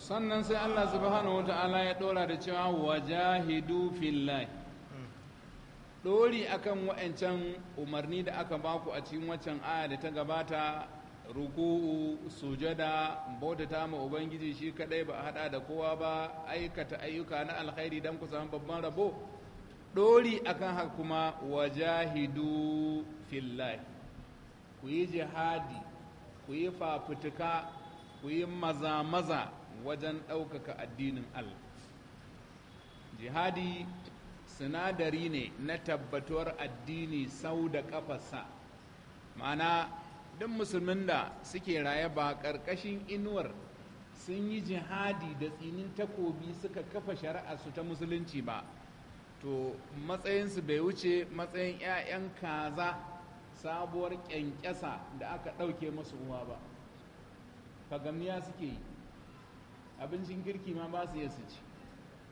sannan sai Allah subhanahu ta'ala ya dora da cewa wajahidu fillahi dori akan wa'ancan umarni da aka baku a cikin waccan aya da ta gabata ruku'u sujada bautata ma ubangiji shi kadai ba a hada da kowa ba aikata ayyuka na alkhairi dan ku samu babban rabo dori akan haka kuma wajahidu fillahi ku yi jihadi ku yi fafutuka ku yi maza-maza wajen ɗaukaka addinin Allah jihadi sinadari ne na tabbatuwar addini sau da ƙafarsa ma'ana duk musulmin da suke raye ba ƙarƙashin inuwar sun yi jihadi da tsinin takobi suka kafa shari'arsu ta musulunci ba to matsayinsu bai wuce matsayin 'ya'yan kaza sabuwar ƙyanƙyasa da aka ɗauke masu uwa ba fagamniya suke yi abincin kirki ma ba su iya su ci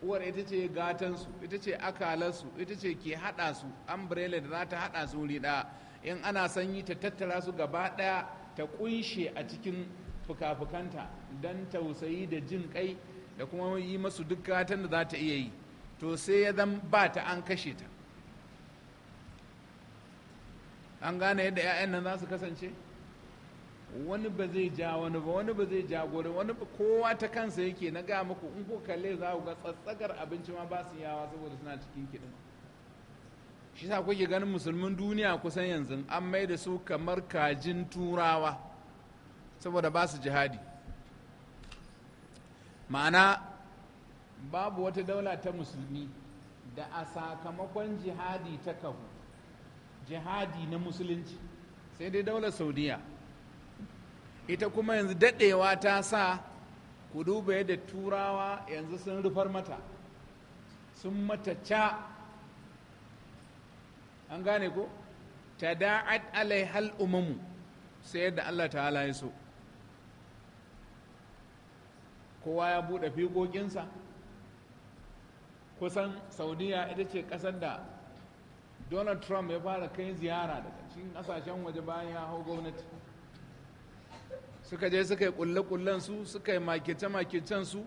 uwar ita ce gatansu ita ce akalarsu ita ce ke haɗa su umbrella da za ta haɗa su wuri ɗaya in ana sanyi ta tattara su gaba ɗaya ta ƙunshe a cikin fuka-fukanta don tausayi da jin kai da kuma yi masu duk gatan da za ta iya yi to sai ya zan ba ta an kashe ta an gane yadda 'ya'yan nan za su kasance? wani ba zai ja wani ba wani ba zai ja gore wani ba kowa ta kansa yake na ga muku in ko kalle za ku ga tsatsagar abinci ma ba su yawa saboda suna cikin kiɗin shi sa kuke ganin musulmin duniya kusan yanzu an mai da su kamar kajin turawa saboda ba su jihadi ma'ana babu wata daula ta musulmi da a sakamakon jihadi ta kahu jihadi na musulunci sai dai daular saudiya ita kuma yanzu daɗewa ta sa ku duba yadda turawa yanzu sun rufar mata sun mata ca an gane ko ta da'ad alai hal umamu sai yadda allah ta'ala ya so kowa ya buɗe fiƙoƙinsa kusan saudiya ita ce ƙasar da donald trump ya fara kai ziyara daga cikin ƙasashen waje bayan ya hau gwamnati suka je suka yi kulle-kullen su suka yi makice-makicen su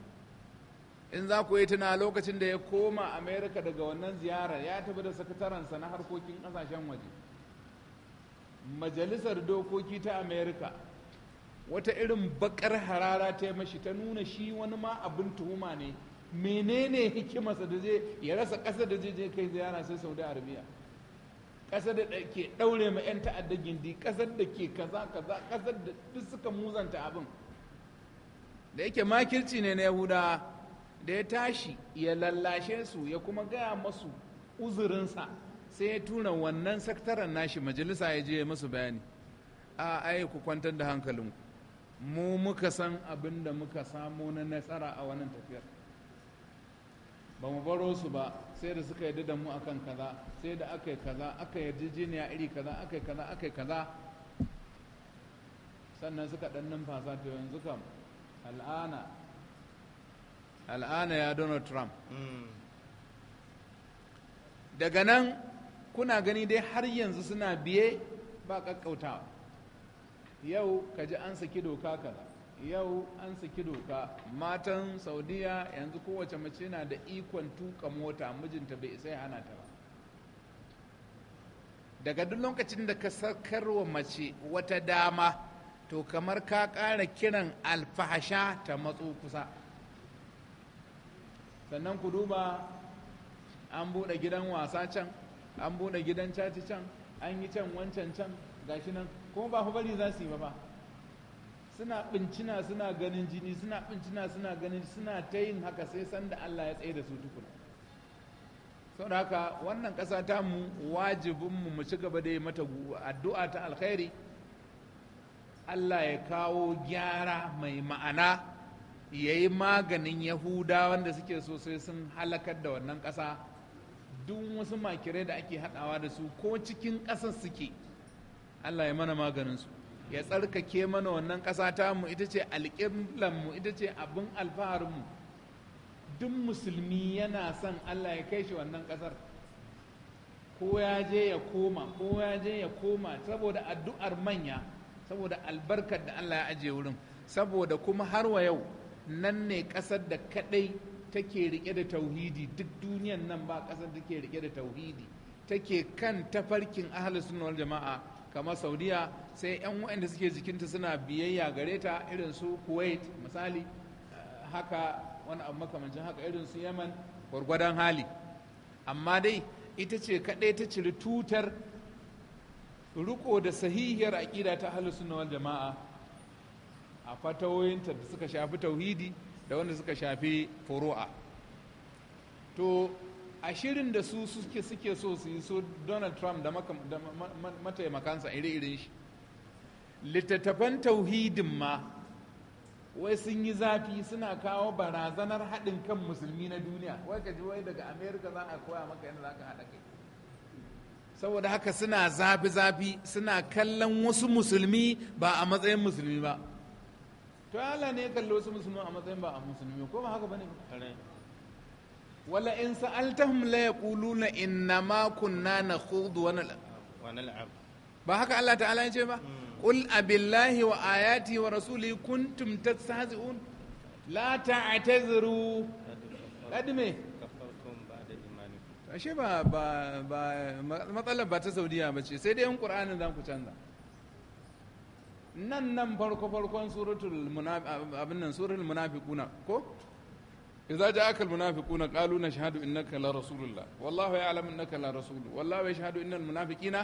in za ku yi tuna lokacin da ya koma amerika daga wannan ziyara ya tafi da sakataransa na harkokin kasashen waje majalisar dokoki ta amerika wata irin bakar harara ta yi mashi ta nuna shi wani ma abin tuhuma ne menene hikimarsa da zai ya rasa ƙasa da zai je kai ziyara sai saudi arabia ƙasar da ke ɗaure ma 'yan ta'adda gindi ƙasar da ke kaza kaza ƙasar da duk suka muzanta abin da yake makirci ne na yahuda da ya tashi ya lallashe su ya kuma gaya masu uzurinsa sai ya tura wannan sakataren nashi majalisa ya je masu bayani a ai ku kwantar da hankalinku mu muka san abin da muka samo na nasara a wannan tafiyar ba mu baro su ba sai da suka yarda da mu akan kaza sai da aka yi kaza aka yarjejeniya iri kaza aka yi kaza aka yi kaza sannan suka ɗan numfasa to yanzu kam al'ana al'ana ya donald trump mm. daga nan kuna gani dai har yanzu suna biye ba kakkautawa yau ka ji an saki doka kaza yau an saki doka matan saudiya yanzu kowace mace na da ikon tuka mota mijinta bai isa hana ta ba daga duk lokacin da ka sakarwa mace wata dama to kamar ka kara kiran alfahasha ta matso kusa sannan ku duba an buɗe gidan wasa can an buɗe gidan caci can an yi can wancan can gashi nan kuma ba bari za su yi ba ba suna bincina suna ganin jini suna bincina suna ganin suna ta yin haka sai sanda Allah ya tsaye da su tukuna saboda haka wannan ƙasa ta mu wajibin mu mu ci gaba da yi mata addu'a ta alkhairi Allah ya kawo gyara mai ma'ana ya yi maganin yahuda wanda suke sosai sun halakar da wannan ƙasa duk wasu makirai da ake haɗawa da su ko cikin ƙasar suke Allah ya mana maganin su. ya tsarkake mana wannan ƙasa ta mu ita ce mu ita ce abin mu duk musulmi yana son allah ya kai shi wannan ƙasar ko ya je ya koma ko ya je ya koma saboda addu'ar manya saboda albarkar da allah ya ajiye wurin saboda kuma har wa yau nan ne ƙasar da kaɗai take rike da tauhidi duk duniyan nan ba ƙasar take rike da tauhidi take kan tafarkin ahalus sunna wal jama'a kamar saudiya sai 'yan wanda suke jikinta suna biyayya gare ta irin su kuwait misali eh, haka wani abu makamancin haka irin su yaman gwargwadon hali amma dai ita ce kaɗai ta ciri tutar riko da sahihiyar aƙida ta ahlus wal jama'a a fatawoyinta da suka shafi tauhidi da wanda suka shafi furu'a to a shirin da su suke suke so su yi so donald trump da mataimakansa iri-irin shi littattafan tauhidin ma wai sun yi zafi suna kawo barazanar haɗin kan musulmi na duniya wai ka ji wai daga amerika za a koya maka yadda za ka haɗa kai saboda haka suna zafi-zafi suna kallon wasu musulmi ba a matsayin musulmi ba to Allah ne kallo wasu musulmi a matsayin ba a musulmi ko ba haka bane ba wala in sa'altahum la yaquluna inna ma kunna nakhudu wa nal'ab ba haka Allah ta'ala ya ce ba hmm. qul abillahi wa ayati wa rasuli kuntum tastahzi'un la ta'tazru kadme ashe ba ba matsalar ba ta saudiya ba ce sai dai yan qur'anin zan ku canza nan nan farko farkon suratul abin nan suratul munafiquna ko idza ja'aka almunafiquna qalu nashhadu innaka la rasulullah wallahu ya'lamu innaka la rasul wallahu yashhadu innal munafiqina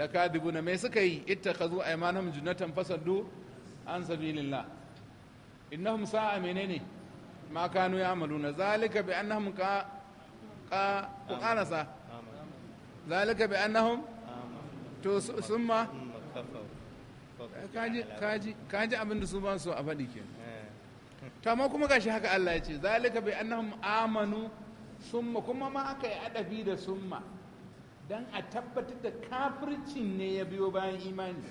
lakadibuna me suka yi ittakhadhu aymanahum junnatan fasaddu an sabilillah innahum sa'a menene ma kanu ya'maluna zalika bi annahum ka ka qanasa zalika bi annahum to summa kaji kaji abinda su ba su a faɗi to amma kuma gashi haka Allah ya ce zalika bi annahum amanu summa kuma ma aka yi adabi da summa dan a tabbatar da kafircin ne ya biyo bayan imani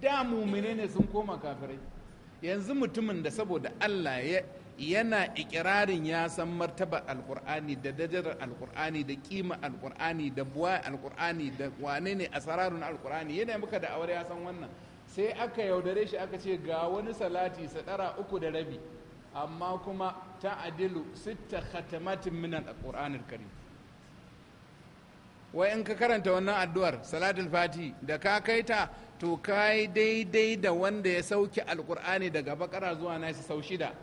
da mumine ne sun koma kafirai yanzu mutumin da saboda Allah ya yana ikirarin ya san martaba alkur'ani da dajarar alkur'ani da kima alkur'ani da buwa alkur'ani da wane ne asararun alkur'ani yana muka da awar ya san wannan sai aka yaudare shi aka ce ga wani salati sadara uku da rabi amma kuma adilu sitta khatamatin minan al karim wai in ka karanta wannan addu'ar salatul fati da ka kai ta to kai daidai da wanda ya sauki alkur'ani daga bakara zuwa nasi sau shida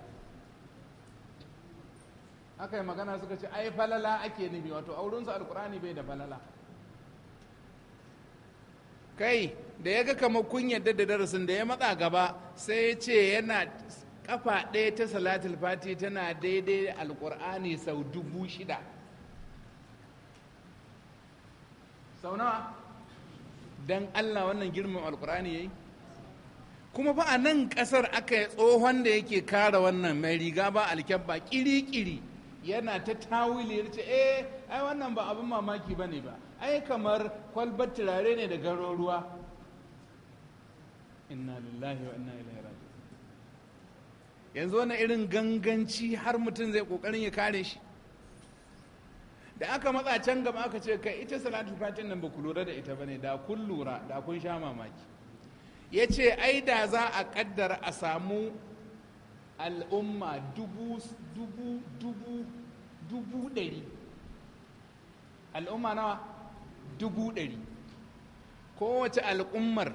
aka yi magana suka ce ai falala ake nufi wato aurinsu alkur'ani bai da falala kai da ya ga kamar kun yadda da darasin da ya matsa gaba sai ya ce yana kafa ɗaya ta salatul fati tana daidai alkur'ani sau dubu shida sau nawa don allah wannan girman alkur'ani ya yi kuma ba a nan ƙasar aka yi tsohon da yake kara wannan mai riga ba alkyabba kiri-kiri yana ta tawili ya ce eh ai wannan ba abin mamaki ba ne ba ai kamar kwalbar turare ne da ruwa inna lillahi wa inna ilaihi raji yanzu wani irin ganganci har mutum zai kokarin ya kare shi da aka matsa can gaba aka ce kai ita salatul fatin nan ba ku lura da ita bane da kun lura da kun sha mamaki ya ce ai da za a kaddara a samu al'umma dubu dubu dubu dubu ɗari al'umma nawa dubu ɗari kowace al'ummar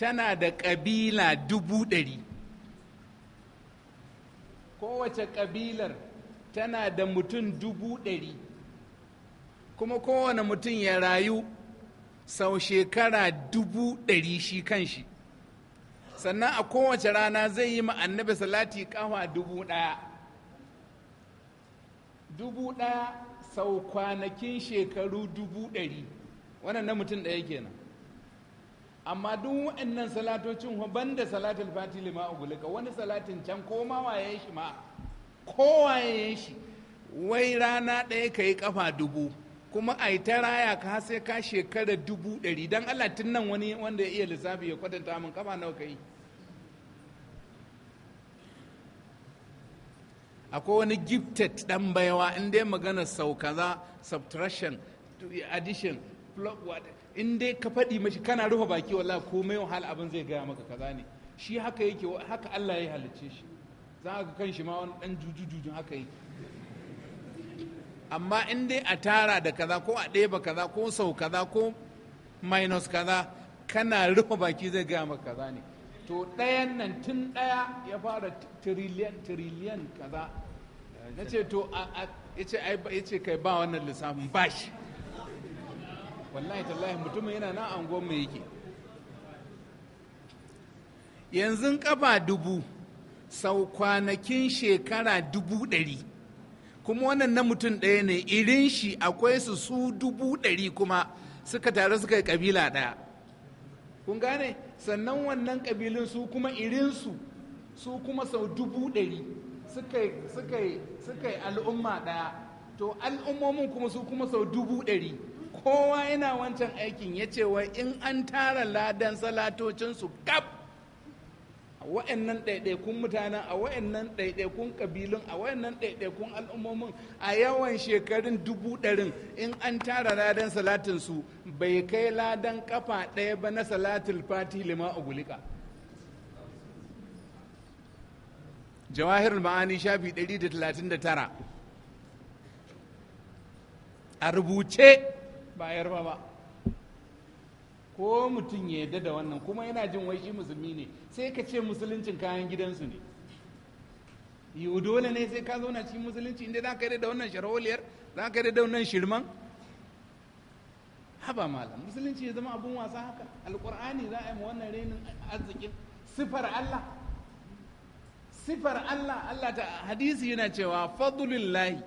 tana da ƙabila dubu ɗari kowace ƙabilar tana da mutum dubu ɗari kuma kowane mutum ya rayu sau shekara dubu ɗari shi kan shi sannan a kowace rana zai yi annabi salati kawa dubu ɗaya dubu ɗaya sau kwanakin shekaru dubu ɗari wannan na mutum ɗaya kenan amma duk waɗannan salatocin ban da salatul fati lima ugulika wani salatin can ko ma waye shi ma ko waye shi wai rana ɗaya ka yi kafa dubu kuma a ta raya ka sai ka shekara dubu ɗari don allah tun nan wani wanda ya iya lissafi ya kwatanta min kafa nawa ka yi akwai wani gifted ɗan baiwa in dai magana sau kaza subtraction addition in dai ka faɗi mashi kana rufe baki wala komai wahala abin zai gaya maka kaza ne shi haka yake haka Allah ya halicce shi za ka kan shi ma wani dan jujujujun haka yake amma in dai a tara da kaza ko a ɗeba kaza ko sau kaza ko minus kaza kana rufe baki zai gaya maka kaza ne to ɗayan nan tun ɗaya ya fara tiriliyan tiriliyan kaza na ce to ya ce kai ba wannan lissafin ba shi wallahi tallahi mutumin yana na angon mai yake yanzu kafa dubu sau kwanakin shekara dubu ɗari kuma wannan na mutum ɗaya ne irin shi akwai su su dubu ɗari kuma suka taru suka yi ƙabila ɗaya kun gane sannan wannan ƙabilun su kuma irin su kuma sau dubu ɗari suka yi al'umma ɗaya to al'ummomin kuma su kuma sau dubu ɗari kowa yana wancan aikin ya ce wai in an tara ladan salatocinsu kaf a wa'annan ɗaiɗaikun mutanen a wa'annan ɗaiɗaikun ƙabilun a wa'annan ɗaiɗaikun al'ummomin a yawan shekarun dubu ɗarin in an tara ladan salatinsu bai kai ladan kafa ɗaya ba na salatul fati lima gulika jawahirul ma'ani shafi 139 a rubuce ba yarba ba ko mutum ya yarda da wannan kuma yana jin wai shi musulmi ne sai ka ce musuluncin kayan gidansu ne yiwu dole ne sai ka zauna cikin musulunci inda za ka yarda da wannan sharholiyar za ka yarda da wannan shirman haba malam musulunci ya zama abun wasa haka alkur'ani za a yi wannan renin arzikin sifar allah sifar allah allah ta hadisi yana cewa fadlullahi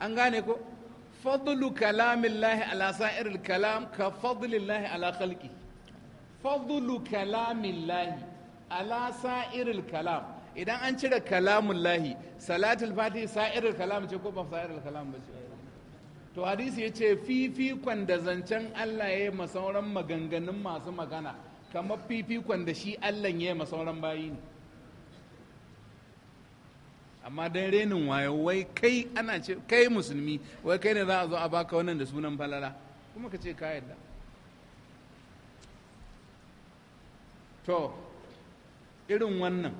an gane ko fadlu kalamillahi ala sa'iril kalam ka fadlillahi ala khalqi fadlu kalamillahi ala sa'iril kalam idan an cire lahi, salatul Fati sa'iril kalam ce ko ba sa'iril kalam ba ce to hadisi ya ce fifikon da zancen Allah ya yi masauran maganganun masu magana kamar fifikon da shi Allah ya yi masauran bayi ne amma dan renin wayo wai kai ana ce kai musulmi wai kai ne za a zo a baka wannan da sunan falala kuma ka ce ka yadda to irin wannan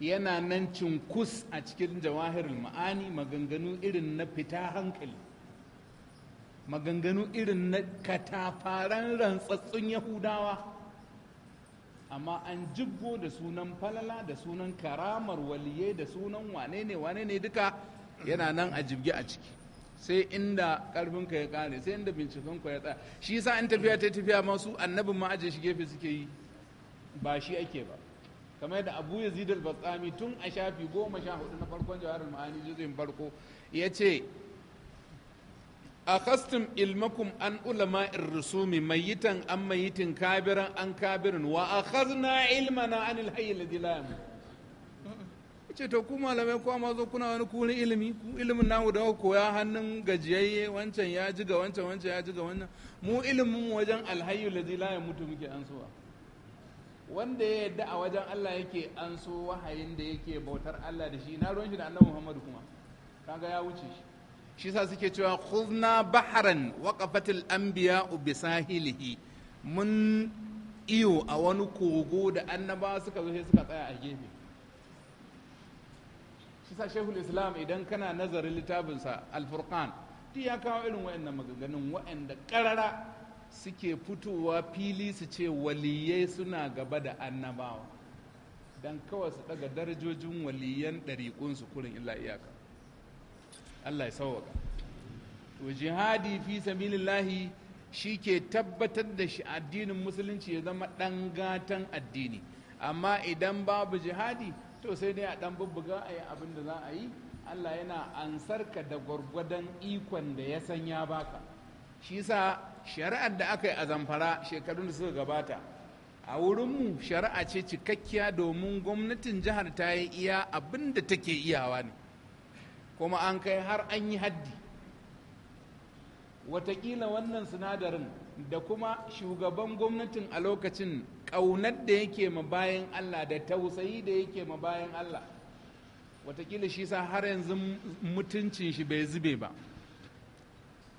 yana nan cinkus a cikin jawahirul ma'ani maganganu irin na fita hankali maganganu irin na katafaran rantsatsun yahudawa amma an jibgo da sunan falala da sunan karamar waliyai da sunan wane ne wane ne duka yana nan a jibge a ciki sai inda karfinka ya kare sai inda bincikanku ya tsaya shi yasa in tafiya ta tafiya masu annabin ma aje shi gefe suke yi ba shi ake ba kamar da abu yazid al-batsami tun a shafi goma sha hudu na farkon jawarar ma'ani juzin farko ya ce akhastum ilmakum an ulama rusumi mayitan an mayitin kabiran an kabirin wa akhazna ilmana an alhayy alladhi la yamut ce to ku malamai ko ma zo kuna wani kuni ilimi ku ilimin namu da koya hannun gajiyayye wancan ya ji ga wancan wancan ya ji ga wannan mu ilimin wajen alhayy alladhi la yamut muke ansuwa wanda ya yadda a wajen Allah yake an so wahayin da yake bautar Allah da shi na ruwan shi da annabi Muhammad kuma kaga ya wuce shi shi sa suke cewa khuzna baharan waqafatil anbiya bi sahilihi mun iyo a wani kogo da annabawa suka zo sai suka tsaya a gefe shi sa shehul islam idan kana nazarin littafinsa alfurkan duk ya kawo irin wa'annan maganganun wa'anda karara suke fitowa fili su ce waliyai suna gaba da annabawa don kawai su daga darajojin waliyan ɗariƙunsu kurin illa iyaka Allah ya sauwaka to jihadi fi sabilillahi shi ke tabbatar da shi addinin musulunci ya zama ɗan gatan addini amma idan babu jihadi to sai dai a ɗan bubbuga a yi abin da za a yi Allah yana ansarka da gwargwadon ikon da ya sanya ya baka shi sa shari'ar da aka yi a zamfara shekarun da suka gabata a wurinmu shari'a ce cikakkiya domin gwamnatin jihar ta yi iya abin da take iyawa ne kuma an kai har an yi haddi watakila wannan sinadarin da kuma shugaban gwamnatin a lokacin ƙaunar da yake ma bayan allah da tausayi da yake ma bayan allah watakila shi sa har yanzu mutuncin shi bai zube ba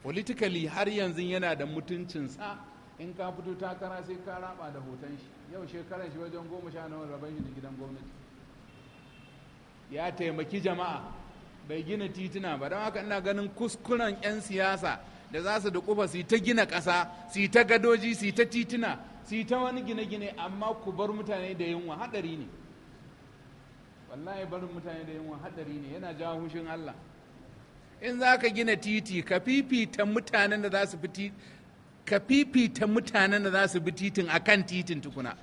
politically har yanzu yana da mutuncin sa in ka fito takara sai ka raba da hoton shi yau shekarar shi wajen goma sha nawa rabon shi da gidan gwamnati ya taimaki jama'a bai gina tituna ba don haka ina ganin kuskuren 'yan siyasa da za su dukufa su ta gina ƙasa su ta gadoji su ta tituna su ta wani gine-gine amma ku bar mutane da yunwa haɗari ne wallahi barin mutane da yunwa haɗari ne yana jawo hushin Allah in za ka gina titi ka fifita mutanen da za su ka fifita mutanen da za su bi titin akan titin tukuna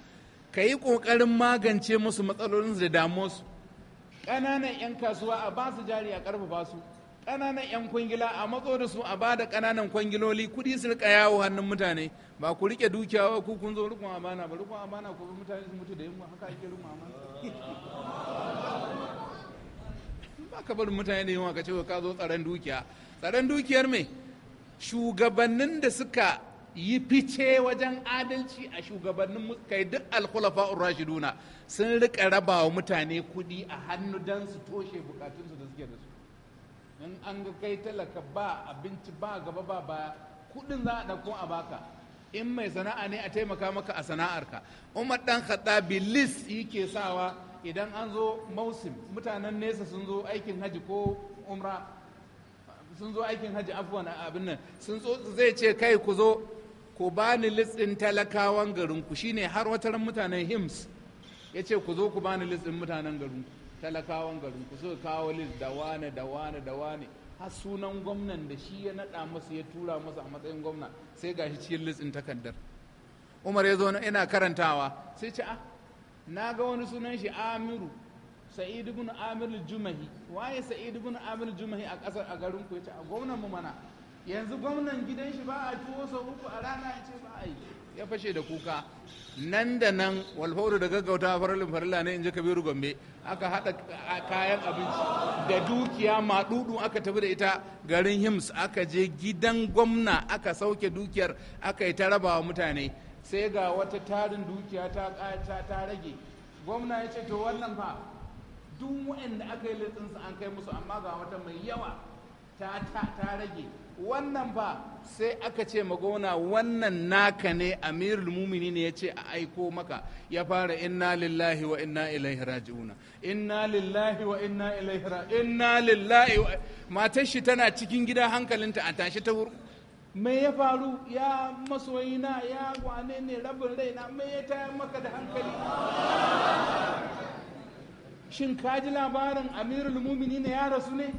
ka yi ƙoƙarin magance musu matsalolinsu da damuwarsu ƙananan 'yan kasuwa a ba su jari a ƙarfafa su ƙananan 'yan kwangila a matso da su a ba da ƙananan kwangiloli kuɗi su rika yawo hannun mutane ba ku rike dukiya ba ku kun zo rikon amana ba rikon amana ku mutane su mutu da yunwa haka ake rikon amana ba ka barin mutane da yunwa ka ce ka zo tsaron dukiya tsaron dukiyar me shugabannin da suka yi fice wajen adalci a shugabannin kai duk alkhulafa rashiduna sun rika raba wa mutane kuɗi a hannu don su toshe bukatunsu da suke da su in an ga kai talaka ba abinci ba gaba ba ba kuɗin za a ɗauko a baka in mai sana'a ne a taimaka maka a sana'arka umar dan khattabi bilis yake sawa idan an zo mausim mutanen nesa sun zo aikin haji ko umra sun zo aikin haji abin nan sun zo zai ce kai ku zo ku ni litsin talakawan garinku shine har wata ran mutanen hims ya ce ku zo ku ba ni litsin mutanen garinku talakawan garinku suka kawo list da wane da wane da wane har sunan gwamnan da shi ya naɗa masa ya tura masa a matsayin gwamna sai gashi cikin litsin takardar umar ya zo na ina karantawa sai ce ah na ga wani sunan shi amiru sa'id ibn amir jumahi waye sa'id ibn amir jumahi a kasar a garin ku ce a gwamnan mu mana yanzu gwamnan gidan shi ba a tuwo sau uku a rana ya ce ba a yi ya fashe da kuka nan da nan walfauru da gaggauta farallin farilla ne in ji kabiru gombe aka haɗa kayan abinci da dukiya ma maɗuɗu aka tafi da ita garin hims aka je gidan gwamna aka sauke dukiyar aka yi ta rabawa mutane sai ga wata tarin dukiya ta ta rage gwamna ya ce to wannan fa duk waɗanda aka yi litsinsa an kai musu amma ga wata mai yawa ta rage wannan ba sai aka ce magona wannan naka ne amirul mumini ne ya ce a aiko maka ya fara inna lillahi wa inna ilaihi raji'una inna lillahi wa inna ilaihi inna lillahi wa matar shi tana cikin gida hankalinta a tashi ta wuri me ya faru ya masoyina ya gwane ne rabin raina me ya tayar maka da hankali shin ka ji labarin amirul mumini ne ya rasu ne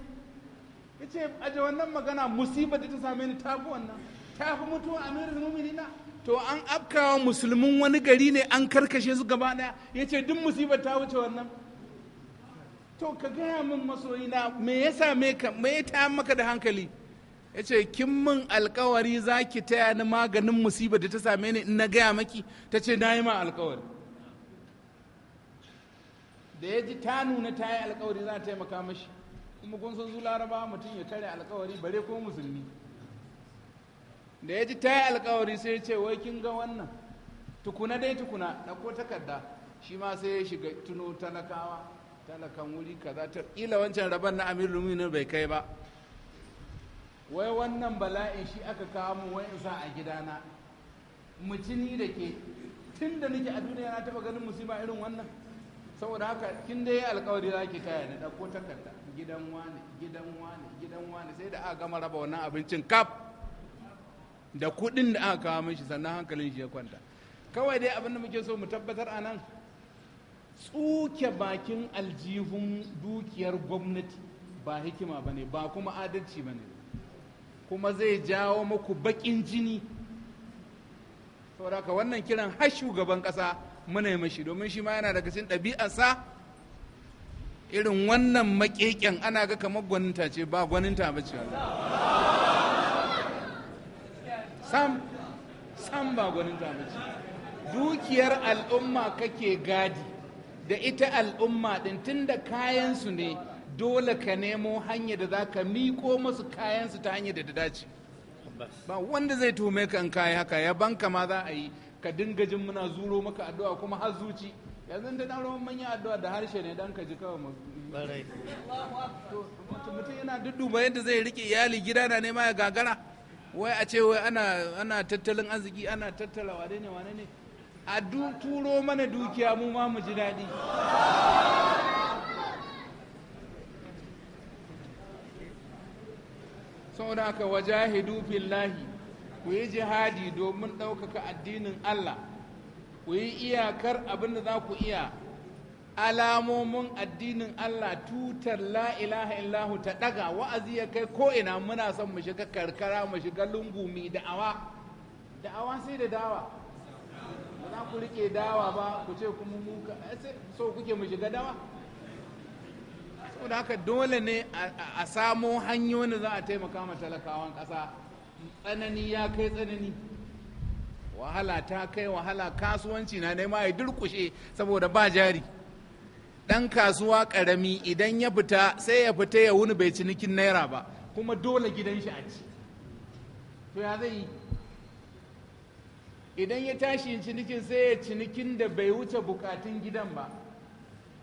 yace ce aje wannan magana musibar da ta same ni ta fi wannan ta fi mutuwa amirul muminina to an afkawa musulmin wani gari ne an karkashe su gaba daya ya ce duk musibar ta wuce wannan to ka gaya min masoyina me ya same ka me ya ta maka da hankali yace ce kin min alkawari za ki taya ni maganin musibar da ta same ni in na gaya maki ta ce na yi ma alkawari da ya ji ta nuna ta yi alkawari za ta taimaka mashi kuma kun san zuwa laraba mutum ya tare alkawari bare ko musulmi da ya ji ta yi alkawari sai ce wai kin ga wannan tukuna dai tukuna da ko takarda shi ma sai ya shiga tuno talakawa talakan wuri kaza ta ila wancan raban na amir lumini bai kai ba wai wannan bala'in shi aka kawo mu wai sa a gidana mutuni da ke tun da nake a duniya na taba ganin musiba irin wannan saboda haka kin yi alkawari za ki taya ni ɗauko takarda gidan wani gidan wani gidan wani sai da aka gama raba wannan abincin kaf da kuɗin da aka kawo mishi sannan hankalin shi ya kwanta kawai dai abin da muke so mu tabbatar a nan tsuke bakin aljihun dukiyar gwamnati ba hikima ba ne ba kuma adalci ba ne kuma zai jawo muku baƙin jini saboda haka wannan kiran har shugaban ƙasa muna mashi domin shi ma yana daga cikin ɗabi'arsa irin wannan maƙeƙen ana ga kamar gwaninta ce ba gwaninta ba ce sam sam ba gwaninta ba ce dukiyar al'umma kake gadi da ita al'umma ɗin tun da kayansu ne dole ka nemo hanyar da za ka miko masu kayansu ta hanyar da ta dace ba wanda zai tume ka in kayi haka ya banka ma za a yi ka dinga jin muna zuro maka addu'a kuma har zuci yanzu da na roman manyan addu'a da harshe ne dan ka ji kawai barai mutum yana dudduba yadda zai rike iyali gida na nema ya gagara wai a ce wai ana tattalin arziki ana tattala wane ne wane ne a turo mana dukiya mu ma mu ji daɗi saboda haka wajahidu fillahi ku yi jihadi domin ɗaukaka addinin Allah ku yi iyakar abin da za ku iya alamomin addinin Allah tutar la ilaha illahu ta ɗaga wa'azi ya kai ko'ina muna son mu shiga karkara mu shiga lungu mai da'awa da'awa sai da dawa ba za ku rike dawa ba ku ce kuma muka so kuke mu shiga dawa saboda haka dole ne a samo hanyoyin da za a taimaka ma talakawan ƙasa tsanani ya kai tsanani wahala ta kai wahala kasuwanci na nema ya durkushe saboda ba jari ɗan kasuwa ƙarami idan ya fita sai ya fita ya wuni bai cinikin naira ba kuma dole gidan shi a ci to ya zai yi idan ya tashi cinikin sai ya cinikin da bai wuce bukatun gidan ba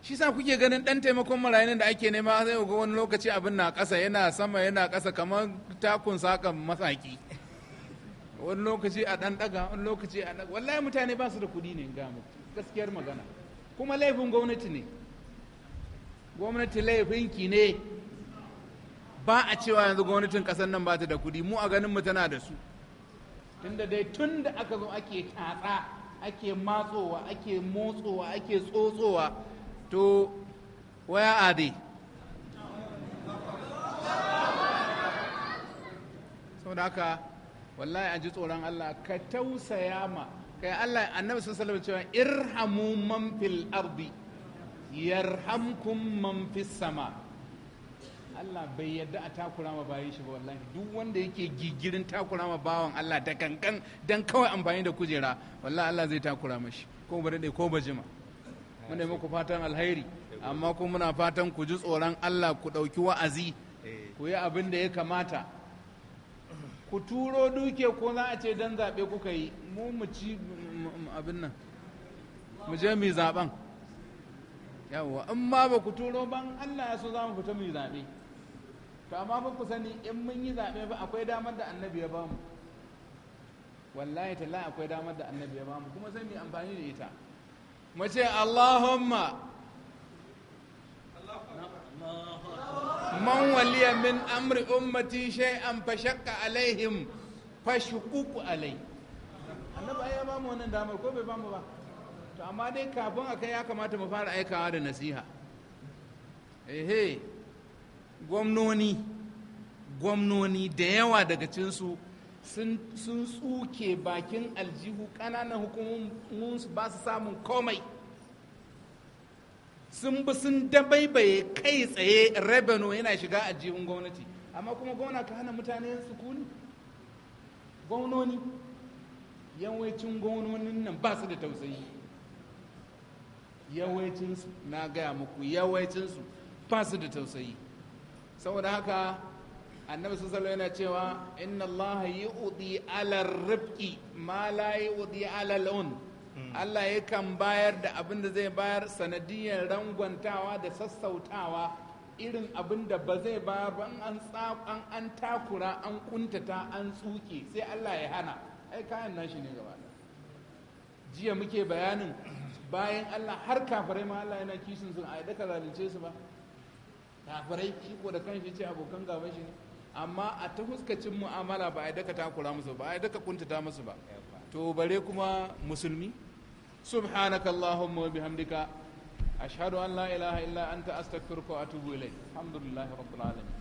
shi sa kuke ganin dan taimakon marayun da ake nema sai ga wani lokaci abin na ƙasa yana sama yana ƙasa kamar takun sakan masaki wani lokaci a dan daga wani lokaci a daga wallahi mutane ba su da kuɗi ne ga mu gaskiyar magana kuma laifin gwamnati ne gwamnati laifinki ne ba a cewa yanzu gwamnatin ƙasar nan ba ta da kuɗi mu a ganin mu tana da su tunda dai tun da aka zo ake tatsa ake matsowa ake motsowa ake tsotsowa To, where are they? saboda haka wallahi an ji tsoron Allah ka tausaya ma kai Allah annabi sun salama cewa irhamu man fil ardi yarhamkum man fis sama Allah bai yadda a takura ma bayan shi ba wallahi duk wanda yake gigirin takura ma bawan Allah da kankan dan kawai amfani da kujera wallahi Allah zai takura mashi ko ba dai ko ba muna muku fatan alheri amma kuma muna fatan ku ji tsoron Allah ku ɗauki wa'azi ku yi abin da ya kamata ku turo duke ko za a ce dan zaɓe kuka yi mu mu ci abin nan mu je mu zaɓen yawwa in ma ba ku turo ban Allah ya so za mu fita mu zaɓe to amma ba ku sani in mun yi zaɓe ba akwai damar da annabi ya bamu wallahi talla akwai damar da annabi ya bamu kuma sai mu amfani da ita mu ce allahumma man waliya min amri ummati shay an fashakka alaihim fa alai annabi ai ya ba mu wannan damar ko bai ba mu ba to amma dai kafin a ya kamata mu fara aikawa da nasiha ehe gwamnoni gwamnoni da yawa daga cinsu sun tsuke bakin aljihu ƙananan hukumominsu ba su samun komai sun bi sun dabaibaye kai tsaye rabano yana shiga aljihun gwamnati amma kuma gwamna ka hana mutane sukuni gwamnoni yawancin gwamnonin nan ba su da tausayi yawancinsu na gaya muku yawancinsu ba su da tausayi saboda haka annabi salo yana cewa inna allaha udi ala ribki ma la udi ala laun hmm. Allah yakan bayar da abin da zai bayar sanadiyar rangwantawa da sassautawa irin abin da ba zai bayar ba an an an takura an kuntata an tsuke sai Allah ya hana ai kayan nashi ne gaba jiya muke bayanin bayan Allah har kafirai ma Allah yana kishin su a yi ka zalunce su ba kafirai shi ko da kanshi ce abokan gaba shi ne amma a ta huskacin mu'amala ba a daka takura musu ba a daka kuntata musu ba to bare kuma musulmi subhanakallahumma wa bihamdika ashhadu an la ilaha illa anta astaghfiruka wa atubu ilayk alhamdulillahi rabbil alamin